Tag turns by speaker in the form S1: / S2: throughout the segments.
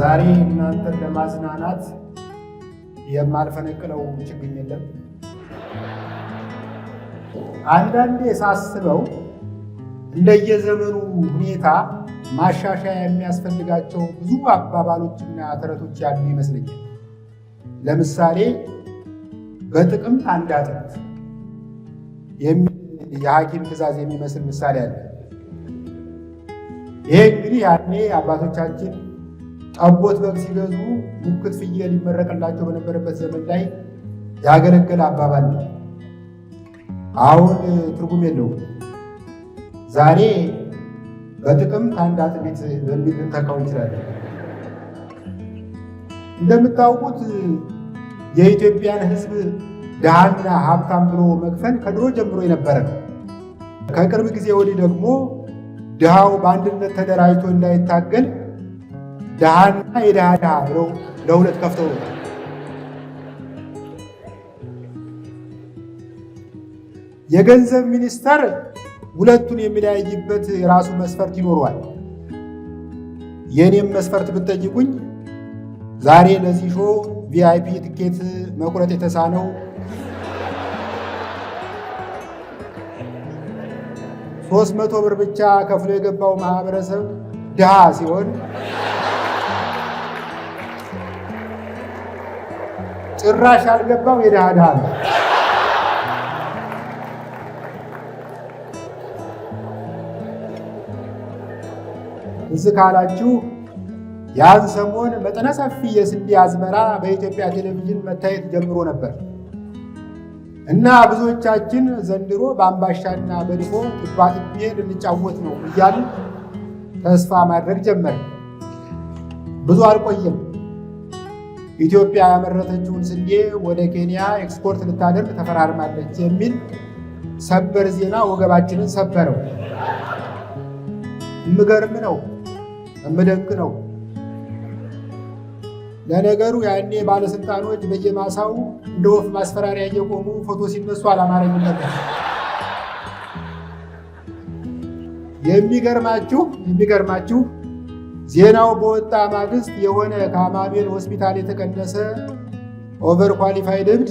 S1: ዛሬ እናንተን ለማዝናናት የማልፈነቅለው ችግኝ የለም። አንዳንዴ ሳስበው እንደየዘመኑ ሁኔታ ማሻሻያ የሚያስፈልጋቸው ብዙ አባባሎችና ተረቶች ያሉ ይመስለኛል። ለምሳሌ በጥቅምት አንድ አጥንት የሐኪም ትእዛዝ የሚመስል ምሳሌ አለ። ይሄ እንግዲህ ያኔ አባቶቻችን ጠቦት በግ ሲገዙ ሙክት ፍየል ይመረቅላቸው በነበረበት ዘመን ላይ ያገለገለ አባባል ነው። አሁን ትርጉም የለውም። ዛሬ በጥቅም አንድ አጥቢት በሚል ልንተካው እንችላለን። እንደምታውቁት የኢትዮጵያን ሕዝብ ድሃና ሀብታም ብሎ መክፈል ከድሮ ጀምሮ የነበረ ከቅርብ ጊዜ ወዲህ ደግሞ ድሃው በአንድነት ተደራጅቶ እንዳይታገል ድሃና የድሃ ድሃ ብለው ለሁለት ከፍተው የገንዘብ ሚኒስተር ሁለቱን የሚለያይበት የራሱ መስፈርት ይኖረዋል። የእኔም መስፈርት ብትጠይቁኝ ዛሬ ለዚህ ሾ ቪአይፒ ትኬት መቁረጥ የተሳነው ሶስት መቶ ብር ብቻ ከፍሎ የገባው ማህበረሰብ ድሃ ሲሆን ጭራሽ አልገባም። የድሃ ድሃ ነው። እዚ ካላችሁ ያን ሰሞን መጠነ ሰፊ የስንዴ አዝመራ በኢትዮጵያ ቴሌቪዥን መታየት ጀምሮ ነበር እና ብዙዎቻችን ዘንድሮ በአምባሻና በድፎ ጥባጥቤ ልንጫወት ነው እያልን ተስፋ ማድረግ ጀመር። ብዙ አልቆየም። ኢትዮጵያ ያመረተችውን ስንዴ ወደ ኬንያ ኤክስፖርት ልታደርግ ተፈራርማለች የሚል ሰበር ዜና ወገባችንን ሰበረው። እምገርም ነው፣ እምደንቅ ነው። ለነገሩ ያኔ ባለስልጣኖች በየማሳው እንደ ወፍ ማስፈራሪያ እየቆሙ ፎቶ ሲነሱ አላማረኝ ነበር። የሚገርማችሁ የሚገርማችሁ ዜናው በወጣ ማግስት የሆነ ከአማኑኤል ሆስፒታል የተቀነሰ ኦቨር ኳሊፋይድ እብድ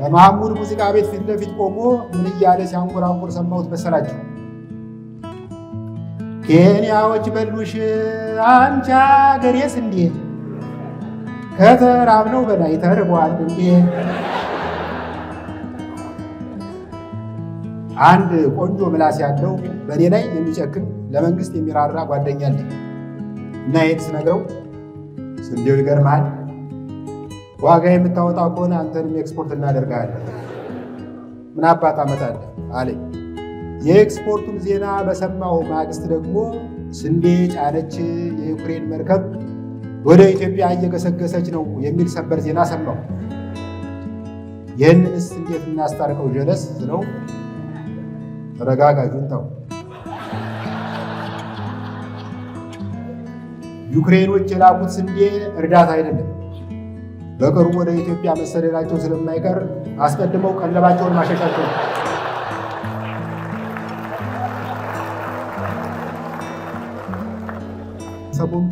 S1: ከመሐሙድ ሙዚቃ ቤት ፊት ለፊት ቆሞ ምን እያለ ሲያንቆራንቁር ሰማሁት መሰላቸው። ኬንያዎች በሉሽ አንቺ አገሬስ እንዴ ከተራብነው በላይ ተርቧል እንዴ አንድ ቆንጆ ምላስ ያለው በእኔ ላይ የሚጨክን ለመንግስት የሚራራ ጓደኛ አለ እና ይህን ስነግረው ስንዴው ይገርማል። ዋጋ የምታወጣ ከሆነ አንተንም ኤክስፖርት እናደርጋለን፣ ምን አባት አመጣለህ አለኝ። የኤክስፖርቱን ዜና በሰማው ማግስት ደግሞ ስንዴ ጫነች የዩክሬን መርከብ ወደ ኢትዮጵያ እየገሰገሰች ነው የሚል ሰበር ዜና ሰማሁ። ይህንንስ እንዴት እናስታርቀው ጀለስ ነው? ተረጋጋ ጁንታው። ዩክሬኖች የላኩት ስንዴ እርዳታ አይደለም። በቅርቡ ወደ ኢትዮጵያ መሰደዳቸው ስለማይቀር አስቀድመው ቀለባቸውን ማሸሻቸው ነው።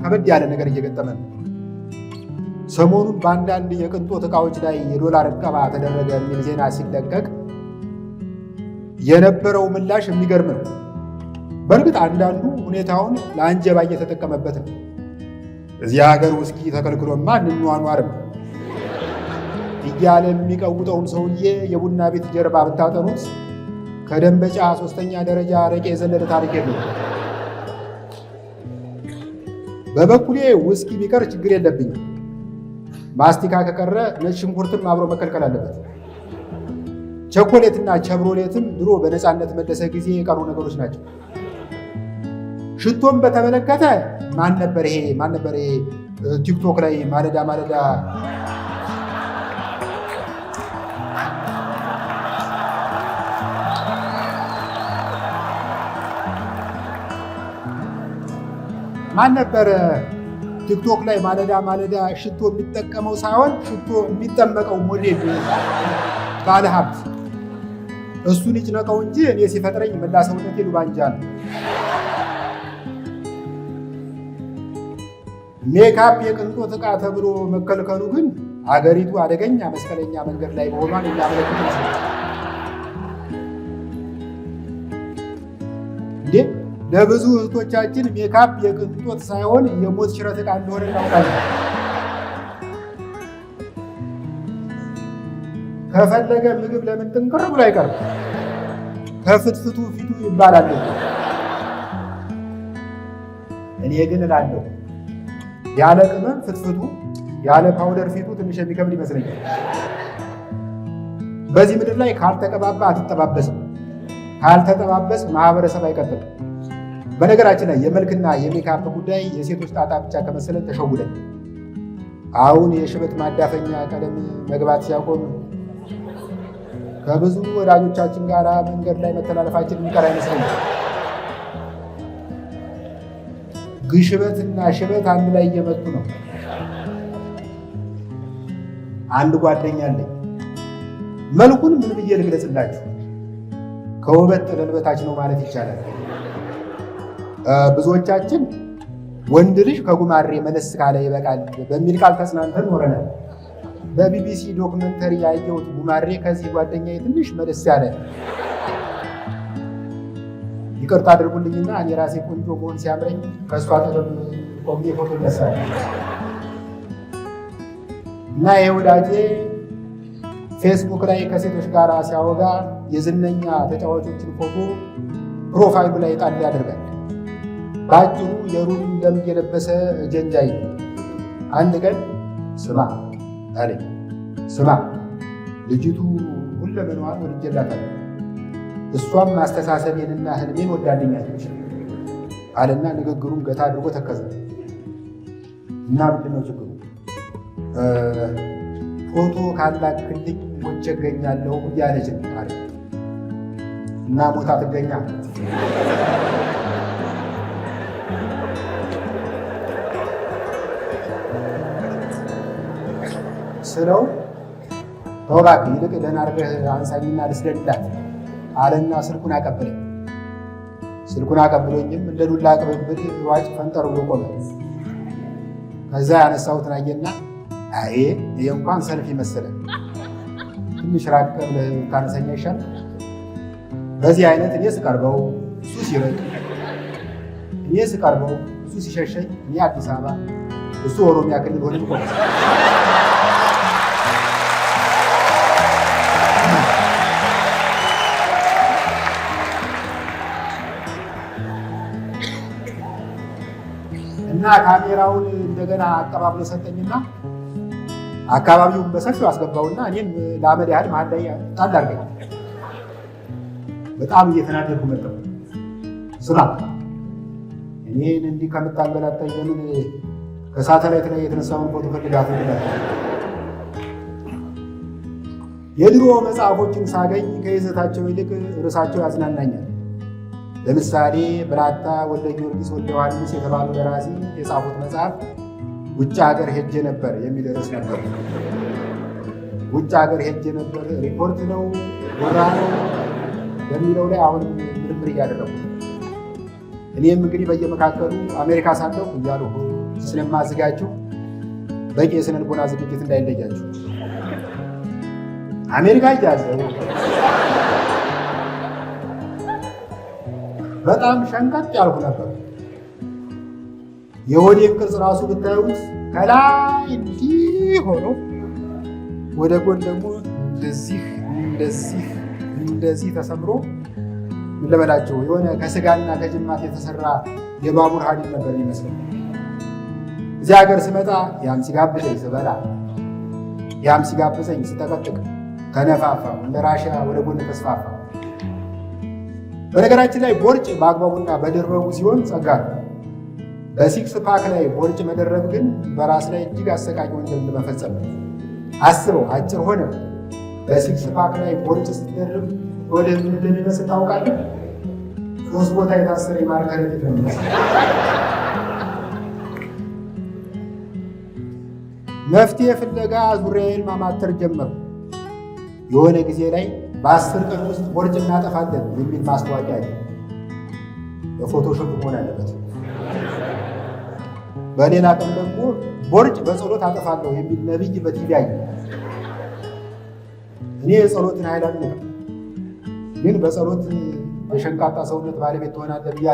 S1: ከበድ ያለ ነገር እየገጠመ ነው። ሰሞኑን በአንዳንድ የቅንጦት እቃዎች ላይ የዶላር እቀባ ተደረገ የሚል ዜና ሲለቀቅ የነበረው ምላሽ የሚገርም ነው። በእርግጥ አንዳንዱ ሁኔታውን ለአንጀባ እየተጠቀመበት ነው። እዚህ ሀገር ውስኪ ተከልክሎማ እንኗኗርም እያለ የሚቀውጠውን ሰውዬ የቡና ቤት ጀርባ ብታጠኑት ከደንበጫ ሶስተኛ ደረጃ አረቄ የዘለለ ታሪክ የለም። በበኩሌ ውስኪ ቢቀር ችግር የለብኝም። ማስቲካ ከቀረ ነጭ ሽንኩርትም አብሮ መከልከል አለበት። ቸኮሌትና ቸብሮሌትም ድሮ በነፃነት መለሰ ጊዜ የቀሩ ነገሮች ናቸው። ሽቶም በተመለከተ ማን ነበር ይሄ ማን ነበር ይሄ ቲክቶክ ላይ ማለዳ ማለዳ ማን ነበረ ቲክቶክ ላይ ማለዳ ማለዳ ሽቶ የሚጠቀመው ሳይሆን ሽቶ የሚጠመቀው ሞዴል ባለሀብት እሱን ይጭነቀው እንጂ እኔ ሲፈጥረኝ መላ ሰውነቴ ሉባንጃ ነው። ሜካፕ የቅንጦት እቃ ተብሎ መከልከሉ ግን አገሪቱ አደገኛ መስቀለኛ መንገድ ላይ መሆኗን የሚያመለክት ይመስላል። እንዴ ለብዙ እህቶቻችን ሜካፕ የቅንጦት ሳይሆን የሞት ሽረት እቃ እንደሆነ እናውቃለን። ከፈለገ ምግብ ለምን ጥንቅር ብሎ አይቀርም? ከፍትፍቱ ፊቱ ይባላል። እኔ ግን እላለሁ ያለ ቅመም ፍትፍቱ፣ ያለ ፓውደር ፊቱ ትንሽ የሚከብድ ይመስለኛል። በዚህ ምድር ላይ ካልተቀባባ አትጠባበስም። ካልተጠባበስ ማህበረሰብ አይቀጥልም። በነገራችን ላይ የመልክና የሜካፕ ጉዳይ የሴቶች ጣጣ ብቻ ከመሰለን ተሸውደን አሁን የሽበት ማዳፈኛ ቀለም መግባት ሲያቆም ከብዙ ወዳጆቻችን ጋር መንገድ ላይ መተላለፋችን የሚቀር አይመስለኛል። እና ሽበት አንድ ላይ እየመጡ ነው። አንድ ጓደኛ አለኝ። መልኩን ምን ብዬ ልግለጽላችሁ? ከውበት ጥለል በታች ነው ማለት ይቻላል። ብዙዎቻችን ወንድ ልጅ ከጉማሬ መለስ ካለ ይበቃል በሚል ቃል ተጽናንተን ኖረናል። በቢቢሲ ዶክመንተሪ ያየሁት ጉማሬ ከዚህ ጓደኛዬ ትንሽ መለስ ያለ ይቅርታ አድርጉልኝና እኔ ራሴ ቆንጆ መሆን ሲያምረኝ ከእሷ ጥበብ ቆሜ ፎቶ ነሳል እና ይህ ወዳጄ ፌስቡክ ላይ ከሴቶች ጋር ሲያወጋ የዝነኛ ተጫዋቾችን ፎቶ ፕሮፋይሉ ላይ ጣል ያደርጋል። በአጭሩ የሩም ለምድ የለበሰ ጀንጃይ አንድ ቀን ስማ አለኝ። ስማ ልጅቱ ሁለመናዋን ወድጄላታለሁ፣ እሷም አስተሳሰቤንና ህልሜን ወዳደኛለች አለና ንግግሩን ገታ አድርጎ ተከዘ እና ምንድን ነው ችግሩ? ፎቶ ካላክልኝ ሞቼ እገኛለሁ እያለች ነው እና ቦታ ትገኛ ስለው ተውራክ ይልቅ ደህና አድርገህ አንሳኝና ልስደድላት አለና ስልኩን አቀበለኝ። ስልኩን አቀብሎኝም እንደ ዱላ ቅብብል ዋጭ ፈንጠር ብሎ ቆመ። ከዛ ያነሳሁትን አየና አይ ይህ እንኳን ሰልፍ ይመስለ ትንሽ ራቅ ብለህ ታነሰኛ ይሻል። በዚህ አይነት እኔ ስቀርበው እሱ ሲርቅ፣ እኔ ስቀርበው እሱ ሲሸሸኝ፣ እኔ አዲስ አበባ እሱ ኦሮሚያ ክልል ሆነን ቆመ። እና ካሜራውን እንደገና አቀባብሎ ሰጠኝና አካባቢውን በሰፊው አስገባውና እኔም ለአመድ ያህል መሀል ላይ ጣል አድርገኝ። በጣም እየተናደድኩ መጣሁ። ስራ እኔን እንዲህ ከምታንገላታኝ ለምን ከሳተላይት ላይ የተነሳውን ፎቶ ፈልጋት ይላል። የድሮ መጽሐፎችን ሳገኝ ከይዘታቸው ይልቅ ርዕሳቸው ያዝናናኛል። ለምሳሌ ብላታ ወልደ ጊዮርጊስ ወልደ ዮሐንስ የተባሉ ደራሲ የጻፉት መጽሐፍ ውጭ ሀገር ሄጄ ነበር የሚል ርዕስ ነበር። ውጭ ሀገር ሄጄ ነበር ሪፖርት ነው ወራ ነው በሚለው ላይ አሁን ምርምር እያደረጉ እኔም እንግዲህ በየመካከሉ አሜሪካ ሳለሁ እያሉ ስለማዝጋችሁ በቂ የስነ ልቦና ዝግጅት እንዳይለያችሁ አሜሪካ እያዘ በጣም ሸንቀጥ ያልኩ ነበር። የሆዴን ቅርጽ ራሱ ብታዩት ከላይ እንዲህ ሆኖ ወደ ጎን ደግሞ እንደዚህ እንደዚህ እንደዚህ ተሰምሮ ምን ልበላቸው የሆነ ከስጋና ከጅማት የተሰራ የባቡር ሀዲድ ነበር ይመስላል። እዚህ ሀገር ስመጣ ያም ሲጋብዘኝ ስበላ፣ ያም ሲጋብዘኝ ስጠቀጥቅ ከነፋፋ እንደ ወደ ጎን ተስፋፋ። በነገራችን ላይ ቦርጭ በአግባቡና በደረቡ ሲሆን ጸጋ ነው። በሲክስ ፓክ ላይ ቦርጭ መደረብ ግን በራስ ላይ እጅግ አሰቃቂ ወንጀል ለመፈጸም ነው። አስበው፣ አጭር ሆነ። በሲክስ ፓክ ላይ ቦርጭ ስትደርብ ወደ ምን እንደሚመስል ታውቃለህ? ሶስት ቦታ የታሰረ የማር ነው የሚመስል። መፍትሄ ፍለጋ ዙሪያዬን ማማተር ጀመርኩ። የሆነ ጊዜ ላይ በአስር ቀን ውስጥ ቦርጭ እናጠፋለን የሚል ማስታወቂያ አለ። በፎቶሾፕ መሆን አለበት። በሌላ ቀን ደግሞ ቦርጭ በጸሎት አጠፋለሁ የሚል ነቢይ በቲቪ አየ። እኔ የጸሎትን ኃይል አለ ግን በጸሎት የሸንቃጣ ሰውነት ባለቤት ትሆናለህ ብዬ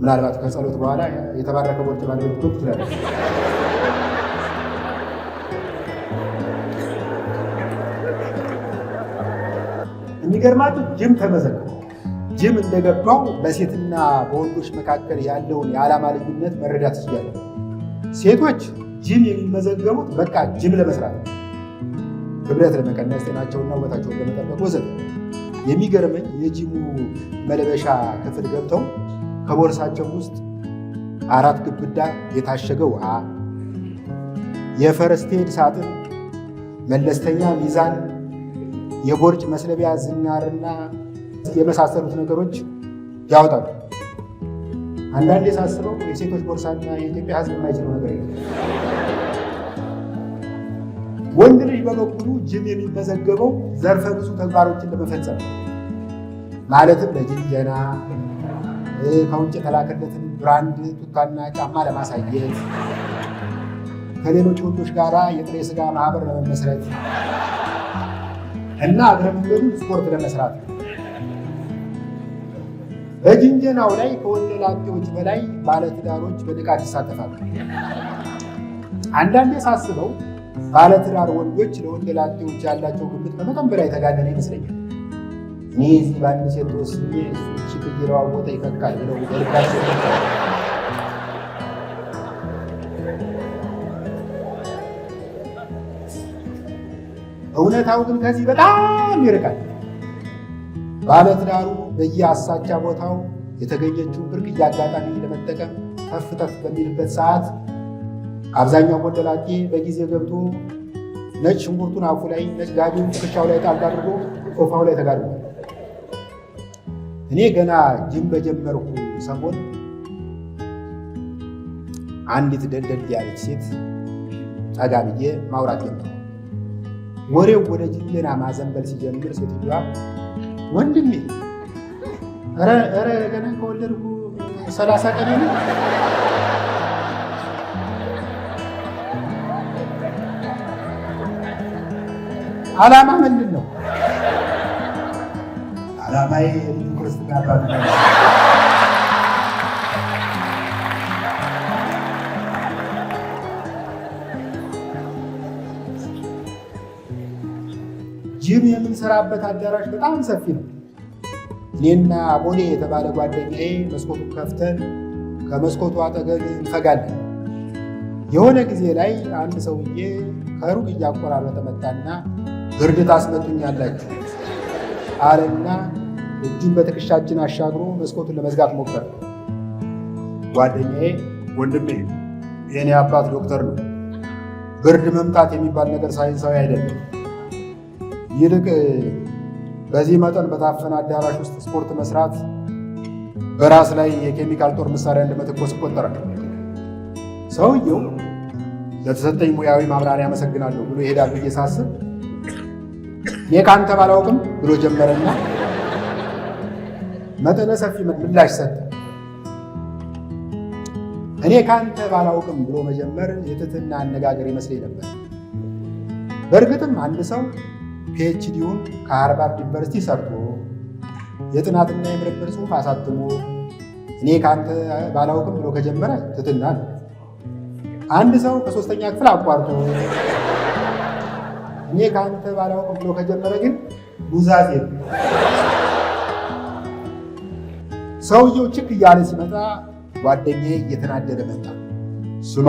S1: ምናልባት ከጸሎት በኋላ የተባረከ ቦርጭ ባለቤት ትችላለህ። የሚገርማችሁ ጅም ተመዘገበ። ጅም እንደገባው በሴትና በወንዶች መካከል ያለውን የዓላማ ልዩነት መረዳት ይችላል። ሴቶች ጅም የሚመዘገቡት በቃ ጅም ለመስራት ነው። ክብደት ለመቀነስ፣ ጤናቸውና ውበታቸውን ለመጠበቅ ወዘተ። የሚገርመኝ የጂሙ መለበሻ ክፍል ገብተው ከቦርሳቸው ውስጥ አራት ግብዳ የታሸገ ውሃ፣ የፈረስቴድ ሳጥን፣ መለስተኛ ሚዛን የቦርጭ መስለቢያ ዝናርና የመሳሰሉት ነገሮች ያወጣሉ። አንዳንዴ ሳስበው የሴቶች ቦርሳና የኢትዮጵያ ሕዝብ የማይችለው ነገር የለም። ወንድ ልጅ በበኩሉ ጅም የሚመዘገበው ዘርፈ ብዙ ተግባሮችን ለመፈጸም ማለትም ለጅንጀና ከውጭ የተላከለትን ብራንድ ቱታና ጫማ ለማሳየት ከሌሎች ወንዶች ጋራ የጥሬ ስጋ ማህበር ለመመስረት እና አድረምገዱ ስፖርት ለመስራት ነው። በጅንጀናው ላይ ከወንደ በላይ ባለትዳሮች በንቃት ይሳተፋሉ። አንዳንዴ ሳስበው ባለትዳር ወንዶች ለወንደላጤዎች ያላቸው ግምት ከመጠን በላይ የተጋነነ ይመስለኛል። እኔ እዚህ በአንድ ሴት ወስኜ እሱ ችግር እየለዋወጠ ይፈካል ብለው እውነታው ግን ከዚህ በጣም ይርቃል። ባለትዳሩ በየአሳቻ ቦታው የተገኘችውን ብርቅዬ አጋጣሚ ለመጠቀም ተፍ ተፍ በሚልበት ሰዓት አብዛኛው ወንደላጤ በጊዜ ገብቶ ነጭ ሽንኩርቱን አፉ ላይ፣ ነጭ ጋቢውን ትከሻው ላይ ጣል አድርጎ ሶፋው ላይ ተጋድሟል። እኔ ገና ጅም በጀመርኩ ሰሞን አንዲት ደልደል ያለች ሴት ጠጋ ብዬ ማውራት ጀመርኩ። ወሬው ወደ ጅንጀና ማዘንበል ሲጀምር ሴትዮዋ ወንድሜ ኧረ ገና ከወለድኩ ሰላሳ ቀን ነው አላማ ምንድን ነው? ዓላማዬ ክርስትና ጅም የምንሰራበት አዳራሽ በጣም ሰፊ ነው። እኔና አቦኔ የተባለ ጓደኛዬ መስኮቱን ከፍተን ከመስኮቱ አጠገብ እንፈጋለን። የሆነ ጊዜ ላይ አንድ ሰውዬ ከሩቅ እያቆራረጠ መጣና ብርድ ታስመጡኛላችሁ አለና እጁን በትከሻችን አሻግሮ መስኮቱን ለመዝጋት ሞከረ። ጓደኛዬ ወንድሜ፣ የኔ አባት ዶክተር ነው፣ ብርድ መምታት የሚባል ነገር ሳይንሳዊ አይደለም ይልቅ በዚህ መጠን በታፈነ አዳራሽ ውስጥ ስፖርት መስራት በራስ ላይ የኬሚካል ጦር መሳሪያ እንደመተኮስ ይቆጠራል። ሰውየው ለተሰጠኝ ሙያዊ ማብራሪያ አመሰግናለሁ ብሎ ይሄዳል ብዬ ሳስብ እኔ ከአንተ ባላውቅም ብሎ ጀመረና መጠነ ሰፊ ምላሽ ሰጠ። እኔ ከአንተ ባላውቅም ብሎ መጀመር የትትና አነጋገር ይመስለኝ ነበር። በእርግጥም አንድ ሰው ፒኤችዲውን ከሃርቫርድ ዩኒቨርሲቲ ሰርቶ የጥናትና የምርምር ጽሁፍ አሳትሞ እኔ ከአንተ ባላውቅም ብሎ ከጀመረ ትትና ነው። አንድ ሰው ከሶስተኛ ክፍል አቋርጦ እኔ ከአንተ ባላውቅም ብሎ ከጀመረ ግን ኑዛዜ ሰውየው ችክ እያለ ሲመጣ ጓደኛዬ እየተናደደ መጣ። ስማ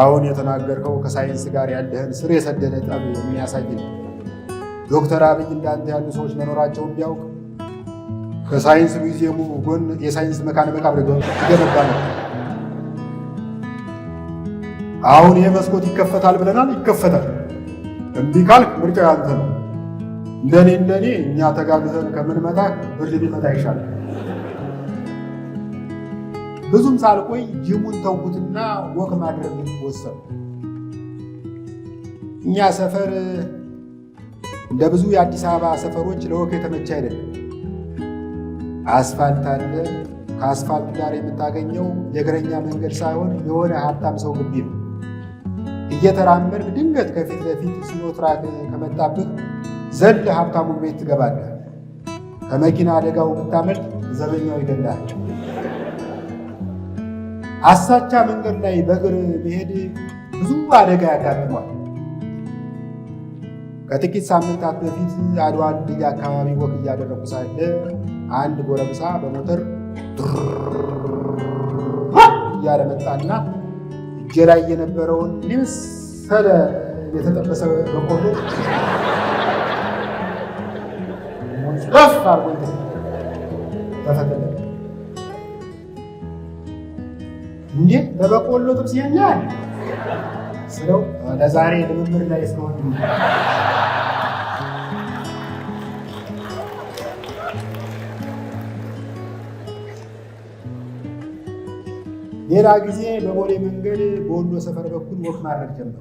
S1: አሁን የተናገርከው ከሳይንስ ጋር ያለህን ስር የሰደደ ጠብ የሚያሳይ ነው። ዶክተር አብይ እንዳንተ ያሉ ሰዎች መኖራቸውን ቢያውቅ ከሳይንስ ሚዚየሙ ጎን የሳይንስ መካነ መቃብር ይገነባ ነው። አሁን ይህ መስኮት ይከፈታል ብለናል፣ ይከፈታል። እምቢ ካልክ ምርጫው ያንተ ነው። እንደኔ እንደኔ እኛ ተጋግዘን ከምንመጣ ብርድ ቢመጣ ይሻላል። ብዙም ሳልቆይ ጅሙን ተውኩትና ወክ ማድረግ ወሰኑ። እኛ ሰፈር እንደ ብዙ የአዲስ አበባ ሰፈሮች ለወክ የተመቸ አይደለም። አስፋልት አለ። ከአስፋልቱ ጋር የምታገኘው የእግረኛ መንገድ ሳይሆን የሆነ ሀብታም ሰው ግቢ ነው። እየተራመድን ድንገት ከፊት ለፊት ሲኖትራክ ከመጣብህ ዘል ሀብታሙን ቤት ትገባለህ። ከመኪና አደጋው ብታመልጥ ዘበኛው ይገላል። አሳቻ መንገድ ላይ በእግር መሄድ ብዙ አደጋ ያጋጥሟል። ከጥቂት ሳምንታት በፊት አድዋ ድልድይ አካባቢ ወክ እያደረጉ ሳለ አንድ ጎረምሳ በሞተር እያለ መጣና እጄ ላይ የነበረውን የመሰለ የተጠበሰ በቆሎ ፍ አርጎ እንዴ በበቆሎ ጥብስ ይሄኛል ስለው ለዛሬ ልምምድ ላይ ስለሆነ ሌላ ጊዜ በቦሌ መንገድ በወሎ ሰፈር በኩል ወክ ማድረግ ጀመሩ።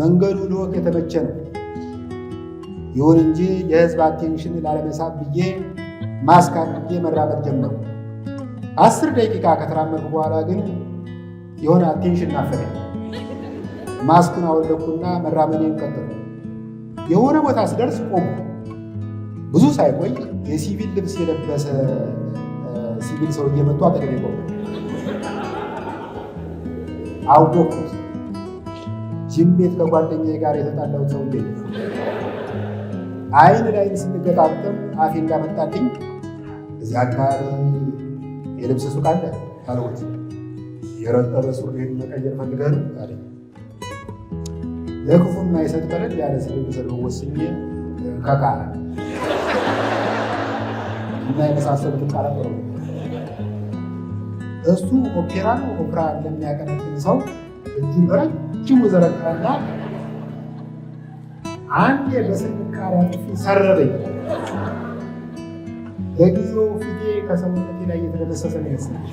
S1: መንገዱ ለወክ የተመቸ ነው። ይሁን እንጂ የህዝብ አቴንሽን ላለመሳብ ብዬ ማስክ አድርጌ መራመድ ጀመሩ። አስር ደቂቃ ከተራመድኩ በኋላ ግን የሆነ አቴንሽን ናፈቀኝ። ማስኩን አወለኩና መራመዴን ቀጠሉ። የሆነ ቦታ ስደርስ ቆሙ። ብዙ ሳይቆይ የሲቪል ልብስ የለበሰ ሲቪል ሰው እየመጡ አጠገቤ ቆሙ። አወቅኩት። ጅም ቤት ከጓደኛ ጋር ሰው ሰውዬ አይን ላይን ስንገጣጠም አፌ እንዳመጣልኝ እዚህ አካባቢ የልብስ ሱቅ አለ አልኩት። የረጠረ ሱሪህን መቀየር ፈልገህ አለ። ለክፉ የማይሰጥ ቀለል ያለ ስለሚሰጥ ወስኜ ከካ እና የመሳሰሉትን ቃላት እሱ ኦፔራ ነው ኦፕራ ለሚያቀነቅን ሰው እጁ በረጅሙ ዘረጋና አንድ በስንካሪያ አጥፊ ሰረበኝ። ለጊዜው ፊቴ ከሰውነት ላይ እየተደመሰሰ ነው ይመስላል።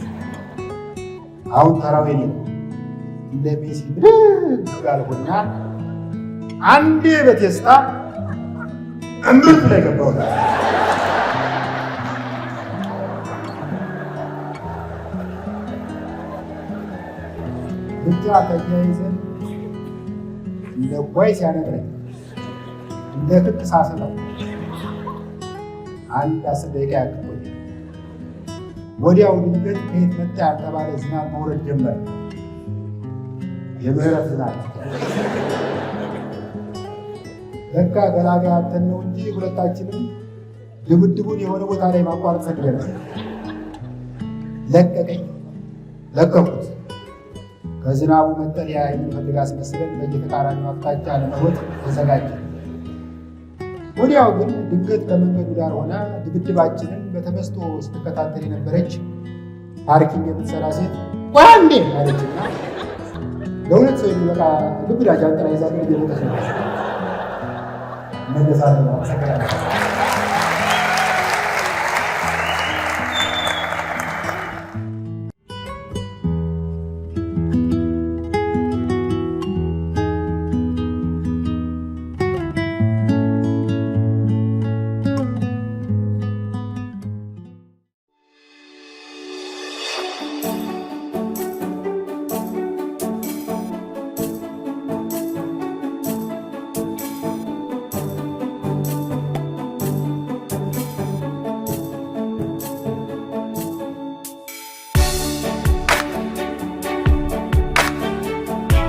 S1: አሁን ተራው የኔ እንደ ሜሲ ብድግ አልሆና አንዴ በቴስታ እምብርት ላይ ገባው። ብቻ ተያይዘን እንደ ጓይ ሲያነግረኝ እንደ ክቅ ሳስለው አንድ አስር ደቂቃ ያክል ወዲያው ድንገት ከየት መጣ ያልተባለ ዝናብ መውረድ ጀመረ። የምህረት ዝናብ ለካ ገላጋይ አተን ነው እንጂ ሁለታችንም ድብድቡን የሆነ ቦታ ላይ ማቋረጥ ፈልገናል። ለቀቀኝ ለቀቁት። ከዝናቡ መጠለያ የሚፈልግ አስመስለን በየተቃራኒ አቅጣጫ ለመሮጥ ተዘጋጀ። ወዲያው ግን ድንገት ከመንገዱ ዳር ሆና ድብድባችንን በተመስጦ ስትከታተል የነበረች ፓርኪንግ የምትሰራ ሴት ቋንዴ አለችና ለሁለት ሰው የሚበቃ ግብዳ ጃንጥላ ይዛ ሄደች። መለሳለ ሰቀላ